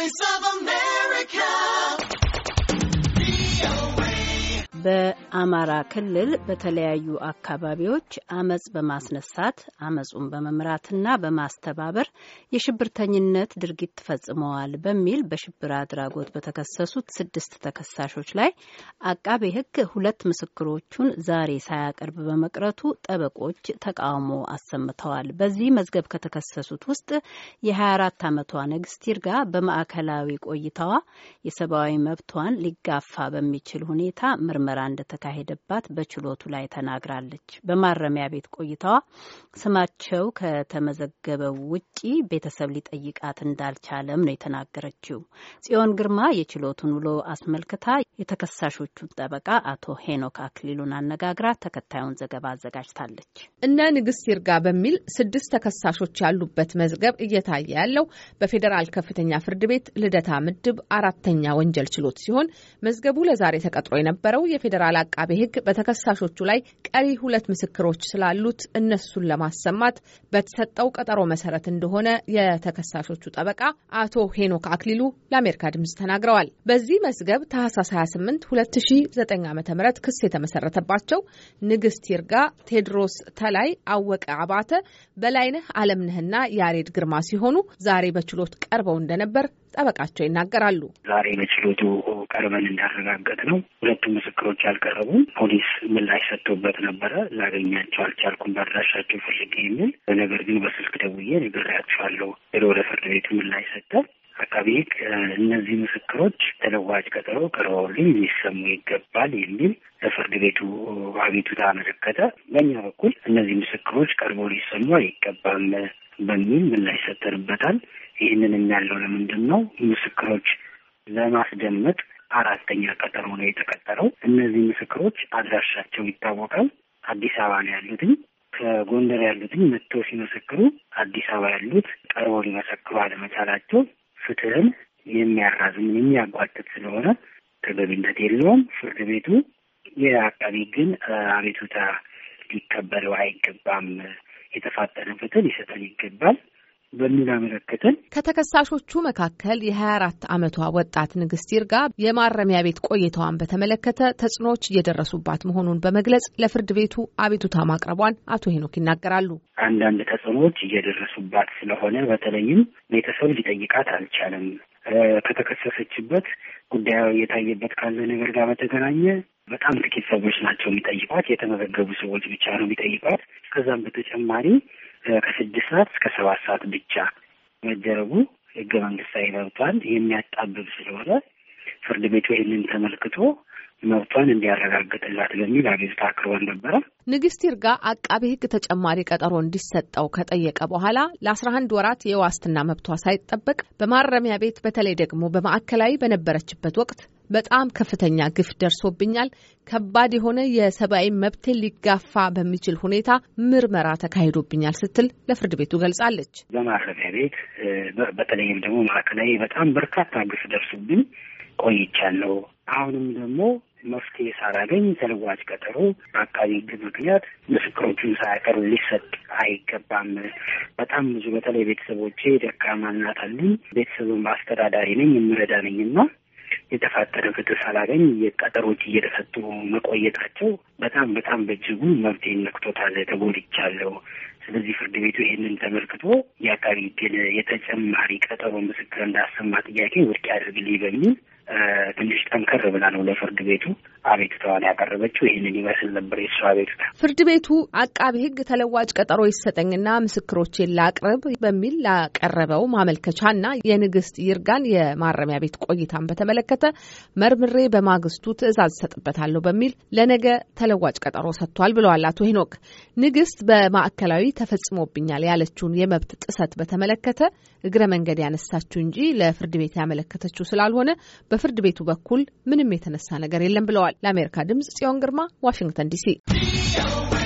Voice of America. በአማራ ክልል በተለያዩ አካባቢዎች አመፅ በማስነሳት አመፁን በመምራትና በማስተባበር የሽብርተኝነት ድርጊት ፈጽመዋል በሚል በሽብር አድራጎት በተከሰሱት ስድስት ተከሳሾች ላይ አቃቤ ሕግ ሁለት ምስክሮቹን ዛሬ ሳያቀርብ በመቅረቱ ጠበቆች ተቃውሞ አሰምተዋል። በዚህ መዝገብ ከተከሰሱት ውስጥ የ24 ዓመቷ ንግስት ይርጋ በማዕከላዊ ቆይታዋ የሰብአዊ መብቷን ሊጋፋ በሚችል ሁኔታ ምርመራ እንደተ እንደተካሄደባት በችሎቱ ላይ ተናግራለች። በማረሚያ ቤት ቆይታዋ ስማቸው ከተመዘገበው ውጪ ቤተሰብ ሊጠይቃት እንዳልቻለም ነው የተናገረችው። ጽዮን ግርማ የችሎቱን ውሎ አስመልክታ የተከሳሾቹን ጠበቃ አቶ ሄኖክ አክሊሉን አነጋግራ ተከታዩን ዘገባ አዘጋጅታለች። እነ ንግስት ይርጋ በሚል ስድስት ተከሳሾች ያሉበት መዝገብ እየታየ ያለው በፌዴራል ከፍተኛ ፍርድ ቤት ልደታ ምድብ አራተኛ ወንጀል ችሎት ሲሆን መዝገቡ ለዛሬ ተቀጥሮ የነበረው የፌዴራል አቃቤ ሕግ በተከሳሾቹ ላይ ቀሪ ሁለት ምስክሮች ስላሉት እነሱን ለማሰማት በተሰጠው ቀጠሮ መሰረት እንደሆነ የተከሳሾቹ ጠበቃ አቶ ሄኖክ አክሊሉ ለአሜሪካ ድምጽ ተናግረዋል። በዚህ መዝገብ ታህሳስ 28 2009 ዓ ም ክስ የተመሰረተባቸው ንግስት ይርጋ፣ ቴድሮስ ተላይ፣ አወቀ አባተ፣ በላይነህ አለምነህና ያሬድ ግርማ ሲሆኑ ዛሬ በችሎት ቀርበው እንደነበር ጠበቃቸው ይናገራሉ። ዛሬ በችሎቱ ቀርበን እንዳረጋገጥ ነው ሁለቱ ምስክሮች ያልቀረ ሲያቀርቡ ፖሊስ ምላሽ ሰጥቶበት ነበረ። ላገኛቸው አልቻልኩም፣ በአድራሻቸው ፈልጌ የሚል ነገር ግን በስልክ ደውዬ ነግሬያቸዋለሁ ብሎ ወደ ፍርድ ቤቱ ምላሽ ሰጠ። አቃቤ ሕግ እነዚህ ምስክሮች ተለዋጭ ቀጠሮ ቀርበውልኝ ሊሰሙ ይገባል የሚል ለፍርድ ቤቱ አቤቱታ አመለከተ። በእኛ በኩል እነዚህ ምስክሮች ቀርበው ሊሰሙ አይገባም በሚል ምላሽ ሰጠንበታል። ይህንን የሚያለው ለምንድን ነው ምስክሮች ለማስደመጥ አራተኛ ቀጠሮ ነው የተቀጠረው። እነዚህ ምስክሮች አድራሻቸው ይታወቃል። አዲስ አበባ ነው ያሉትኝ። ከጎንደር ያሉትኝ መጥቶ ሲመሰክሩ አዲስ አበባ ያሉት ቀርቦ ሊመሰክሩ አለመቻላቸው ፍትህን የሚያራዝም የሚያጓትት ስለሆነ ተገቢነት የለውም። ፍርድ ቤቱ የአቃቢ ግን አቤቱታ ሊከበለው አይገባም፣ የተፋጠነ ፍትህ ሊሰጠን ይገባል በሚል አመለከተን። ከተከሳሾቹ መካከል የሀያ አራት አመቷ ወጣት ንግስት ይርጋ የማረሚያ ቤት ቆይታዋን በተመለከተ ተጽዕኖዎች እየደረሱባት መሆኑን በመግለጽ ለፍርድ ቤቱ አቤቱታ ማቅረቧን አቶ ሄኖክ ይናገራሉ። አንዳንድ ተጽዕኖዎች እየደረሱባት ስለሆነ በተለይም ቤተሰብ ሊጠይቃት አልቻለም። ከተከሰሰችበት ጉዳዩ እየታየበት ካለ ነገር ጋር በተገናኘ በጣም ጥቂት ሰዎች ናቸው የሚጠይቋት። የተመዘገቡ ሰዎች ብቻ ነው የሚጠይቋት። ከዛም በተጨማሪ ከስድስት ሰዓት እስከ ሰባት ሰዓት ብቻ መደረጉ ህገ መንግስታዊ መብቷን የሚያጣብብ ስለሆነ ፍርድ ቤቱ ይህንን ተመልክቶ መብቷን እንዲያረጋግጥላት በሚል አቤቱታ አቅርበን ነበረ። ንግስት ይርጋ አቃቤ ህግ ተጨማሪ ቀጠሮ እንዲሰጠው ከጠየቀ በኋላ ለአስራ አንድ ወራት የዋስትና መብቷ ሳይጠበቅ በማረሚያ ቤት በተለይ ደግሞ በማዕከላዊ በነበረችበት ወቅት በጣም ከፍተኛ ግፍ ደርሶብኛል፣ ከባድ የሆነ የሰብአዊ መብት ሊጋፋ በሚችል ሁኔታ ምርመራ ተካሂዶብኛል ስትል ለፍርድ ቤቱ ገልጻለች። በማረፊያ ቤት በተለይም ደግሞ ማዕከላዊ በጣም በርካታ ግፍ ደርሶብኝ ቆይቻለሁ። አሁንም ደግሞ መፍትሄ ሳላገኝ ተለዋጭ ቀጠሮ በአካባቢ ሕግ ምክንያት ምስክሮቹን ሳያቀርብ ሊሰጥ አይገባም። በጣም ብዙ በተለይ ቤተሰቦቼ ደካማ እናት አሉኝ። ቤተሰቡን በአስተዳዳሪ ነኝ የምረዳ ነኝ እና የተፋጠነ ፍትህ ሳላገኝ የቀጠሮች እየተሰጡ መቆየታቸው በጣም በጣም በእጅጉ መብቴን ነክቶታል፣ ተጎድቻለሁ። ስለዚህ ፍርድ ቤቱ ይህንን ተመልክቶ የአቃቤ ሕግን የተጨማሪ ቀጠሮ ምስክር እንዳሰማ ጥያቄ ውድቅ ያደርግልኝ በሚል ትንሽ ጠንከር ብላ ነው ለፍርድ ቤቱ አቤቱታዋን ያቀረበችው። ይህንን ይመስል ነበር የእሱ አቤቱታ። ፍርድ ቤቱ አቃቢ ሕግ ተለዋጭ ቀጠሮ ይሰጠኝና ምስክሮቼን ላቅርብ በሚል ላቀረበው ማመልከቻና የንግስት ይርጋን የማረሚያ ቤት ቆይታን በተመለከተ መርምሬ በማግስቱ ትዕዛዝ እሰጥበታለሁ በሚል ለነገ ተለዋጭ ቀጠሮ ሰጥቷል ብለዋል አቶ ሄኖክ። ንግስት በማዕከላዊ ተፈጽሞብኛል ያለችውን የመብት ጥሰት በተመለከተ እግረ መንገድ ያነሳችው እንጂ ለፍርድ ቤት ያመለከተችው ስላልሆነ በፍርድ ቤቱ በኩል ምንም የተነሳ ነገር የለም ብለዋል። ለአሜሪካ ድምጽ ጽዮን ግርማ ዋሽንግተን ዲሲ